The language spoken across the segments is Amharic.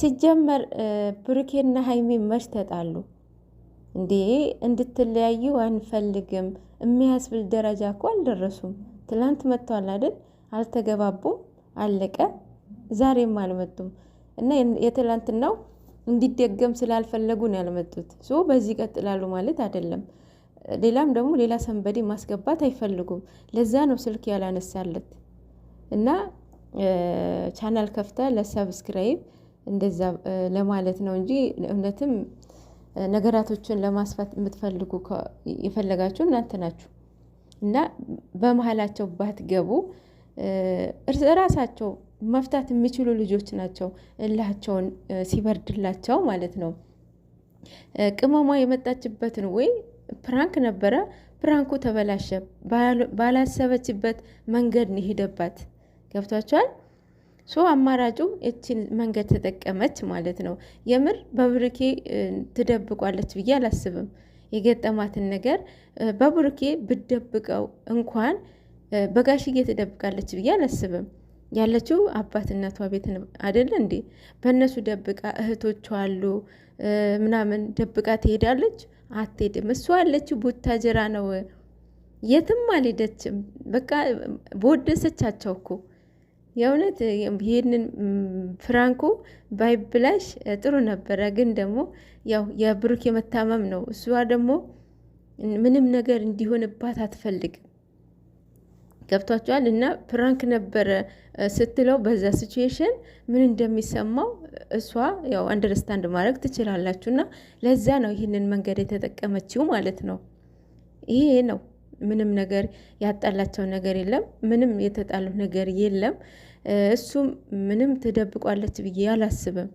ሲጀመር ብሩኬና ሀይሚ መች ተጣሉ እንዴ? እንድትለያዩ አንፈልግም የሚያስብል ደረጃ እኮ አልደረሱም። ትላንት መጥተዋል አይደል? አልተገባቡም፣ አለቀ። ዛሬም አልመጡም እና የትላንትናው እንዲደገም ስላልፈለጉ ነው ያልመጡት። ሶ በዚህ ይቀጥላሉ ማለት አይደለም። ሌላም ደግሞ ሌላ ሰንበዴ ማስገባት አይፈልጉም። ለዛ ነው ስልክ ያላነሳለት እና ቻናል ከፍተ ለሰብስክራይብ እንደዛ ለማለት ነው እንጂ እውነትም ነገራቶችን ለማስፋት የምትፈልጉ የፈለጋችሁ እናንተ ናችሁ እና በመሀላቸው ባትገቡ ራሳቸው መፍታት የሚችሉ ልጆች ናቸው። እላቸውን ሲበርድላቸው ማለት ነው። ቅመሟ የመጣችበትን ወይ ፕራንክ ነበረ፣ ፕራንኩ ተበላሸ። ባላሰበችበት መንገድ ሄደባት። ገብቷቸዋል። ሶ አማራጩ እችን መንገድ ተጠቀመች ማለት ነው። የምር በብሩኬ ትደብቋለች ብዬ አላስብም። የገጠማትን ነገር በብሩኬ ብደብቀው እንኳን በጋሽዬ ትደብቃለች ብዬ አላስብም። ያለችው አባትነቷ እናቷ ቤት አይደለ እንዴ? በእነሱ ደብቃ እህቶቿ አሉ ምናምን ደብቃ ትሄዳለች? አትሄድም። እሷ ያለችው ቡታጅራ ነው። የትም አልሄደችም። በቃ በወደሰቻቸው እኮ የእውነት ይህንን ፍራንኮ ባይብላሽ ጥሩ ነበረ። ግን ደግሞ ያው የብሩክ የመታመም ነው። እሷ ደግሞ ምንም ነገር እንዲሆንባት አትፈልግም። ገብቷቸዋል። እና ፕራንክ ነበረ ስትለው በዛ ሲትዌሽን ምን እንደሚሰማው እሷ ያው አንደርስታንድ ማድረግ ትችላላችሁ። እና ለዛ ነው ይህንን መንገድ የተጠቀመችው ማለት ነው። ይሄ ነው ምንም ነገር ያጣላቸው ነገር የለም። ምንም የተጣሉ ነገር የለም። እሱም ምንም ትደብቋለች ብዬ አላስብም።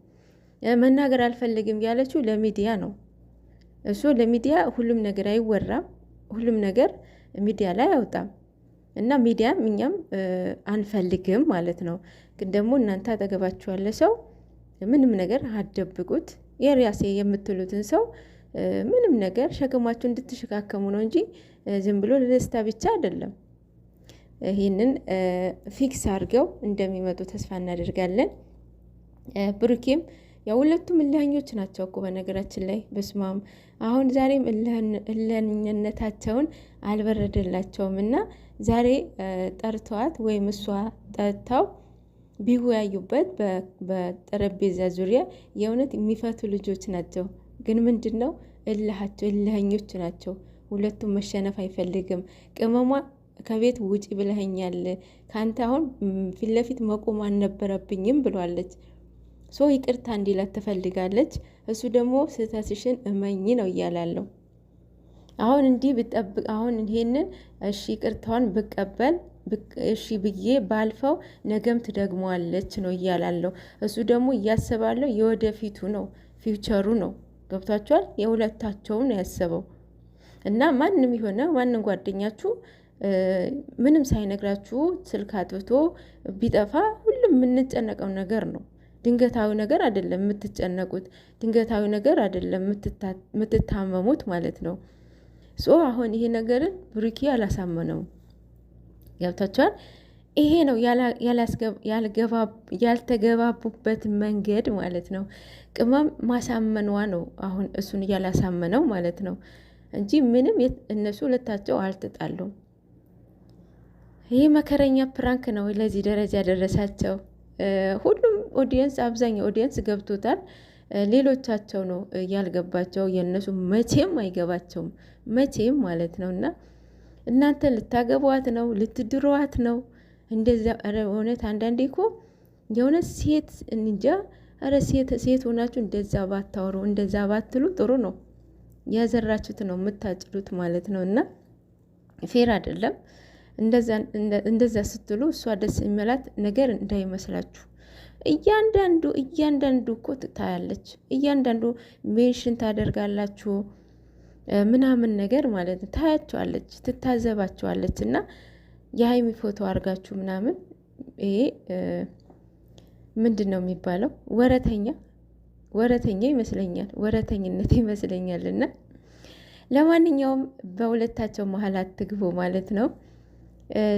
መናገር አልፈልግም ያለችው ለሚዲያ ነው። እሱ ለሚዲያ ሁሉም ነገር አይወራም፣ ሁሉም ነገር ሚዲያ ላይ አያወጣም። እና ሚዲያም እኛም አንፈልግም ማለት ነው። ግን ደግሞ እናንተ አጠገባችሁ ያለ ሰው ምንም ነገር አደብቁት የራሴ የምትሉትን ሰው ምንም ነገር ሸክማችሁ እንድትሸካከሙ ነው እንጂ ዝም ብሎ ለደስታ ብቻ አይደለም። ይህንን ፊክስ አድርገው እንደሚመጡ ተስፋ እናደርጋለን። ብሩኬም ያው ሁለቱም እልህኞች ናቸው እኮ በነገራችን ላይ በስማም አሁን ዛሬም እልህኝነታቸውን አልበረደላቸውም እና ዛሬ ጠርተዋት ወይም እሷ ጠርታው ቢወያዩበት በጠረጴዛ ዙሪያ የእውነት የሚፈቱ ልጆች ናቸው። ግን ምንድን ነው እልሃቸው ናቸው። ሁለቱም መሸነፍ አይፈልግም። ቅመሟ ከቤት ውጪ ብለኸኛል፣ ከአንተ አሁን ፊት ለፊት መቆም አልነበረብኝም ብሏለች። ሶ ይቅርታ እንዲላት ትፈልጋለች። እሱ ደግሞ ስህተትሽን እመኝ ነው እያላለው። አሁን እንዲህ ብጠብቅ አሁን ይሄንን እሺ ቅርታዋን ብቀበል እሺ ብዬ ባልፈው ነገም ትደግሟለች ነው እያላለው። እሱ ደግሞ እያስባለው የወደፊቱ ነው ፊውቸሩ ነው ገብቷቸዋል። የሁለታቸውን ያስበው እና ማንም የሆነ ማንም ጓደኛችሁ ምንም ሳይነግራችሁ ስልክ አጥብቶ ቢጠፋ ሁሉም የምንጨነቀው ነገር ነው። ድንገታዊ ነገር አይደለም የምትጨነቁት፣ ድንገታዊ ነገር አይደለም የምትታመሙት ማለት ነው። ሶ አሁን ይሄ ነገርን ብሩኬ አላሳመነውም። ገብታችኋል። ይሄ ነው ያልተገባቡበት መንገድ ማለት ነው። ቅመም ማሳመኗ ነው አሁን እሱን እያላሳመነው ማለት ነው እንጂ ምንም እነሱ ሁለታቸው አልተጣሉም። ይህ መከረኛ ፕራንክ ነው ለዚህ ደረጃ ያደረሳቸው። ሁሉም ኦዲየንስ፣ አብዛኛው ኦዲየንስ ገብቶታል። ሌሎቻቸው ነው ያልገባቸው። የእነሱ መቼም አይገባቸውም መቼም ማለት ነው እና እናንተ ልታገቧት ነው ልትድሯት ነው እንደዛ እውነት አንዳንዴ እኮ የእውነት ሴት እንጃ ረ ሴት ሆናችሁ እንደዛ ባታወሩ እንደዛ ባትሉ ጥሩ ነው። ያዘራችሁት ነው የምታጭዱት ማለት ነው። እና ፌር አይደለም እንደዛ ስትሉ። እሷ ደስ የሚላት ነገር እንዳይመስላችሁ። እያንዳንዱ እያንዳንዱ እኮ ትታያለች። እያንዳንዱ ሜንሽን ታደርጋላችሁ ምናምን ነገር ማለት ነው። ታያቸዋለች፣ ትታዘባቸዋለች እና የሀይሚ ፎቶ አድርጋችሁ ምናምን ይሄ ምንድን ነው የሚባለው? ወረተኛ ወረተኛ ይመስለኛል፣ ወረተኝነት ይመስለኛል። እና ለማንኛውም በሁለታቸው መሀል አትግቡ ማለት ነው።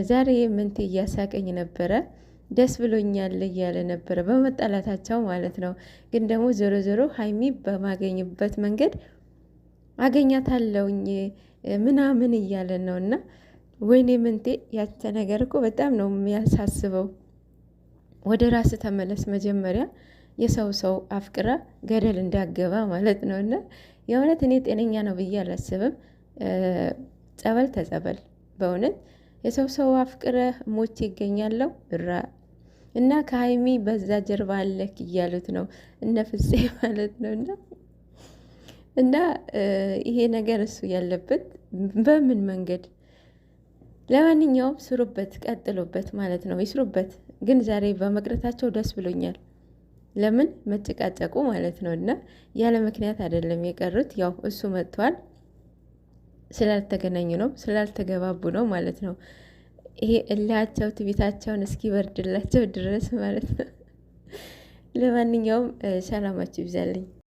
ዛሬ ምንቴ እያሳቀኝ ነበረ፣ ደስ ብሎኛል እያለ ነበረ በመጣላታቸው ማለት ነው። ግን ደግሞ ዞሮ ዞሮ ሀይሚ በማገኝበት መንገድ አገኛታለውኝ ምናምን እያለ ነው እና ወይኔ ምንቴ ያቸ ነገር እኮ በጣም ነው የሚያሳስበው። ወደ ራስ ተመለስ መጀመሪያ። የሰው ሰው አፍቅራ ገደል እንዳገባ ማለት ነው። እና የእውነት እኔ ጤነኛ ነው ብዬ አላስብም። ጸበል ተጸበል በእውነት የሰው ሰው አፍቅረ ሞች ይገኛለው ብራ እና ከሀይሚ በዛ ጀርባ አለክ እያሉት ነው እነ ፍፄ ማለት ነው እና እና ይሄ ነገር እሱ ያለበት በምን መንገድ ለማንኛውም ስሩበት፣ ቀጥሎበት ማለት ነው። ይስሩበት። ግን ዛሬ በመቅረታቸው ደስ ብሎኛል። ለምን መጨቃጨቁ ማለት ነው። እና ያለ ምክንያት አይደለም የቀሩት። ያው እሱ መጥቷል ስላልተገናኙ ነው፣ ስላልተገባቡ ነው ማለት ነው። ይሄ እላቸው ትቢታቸውን እስኪበርድላቸው ድረስ ማለት ነው። ለማንኛውም ሰላማችሁ ይብዛልኝ።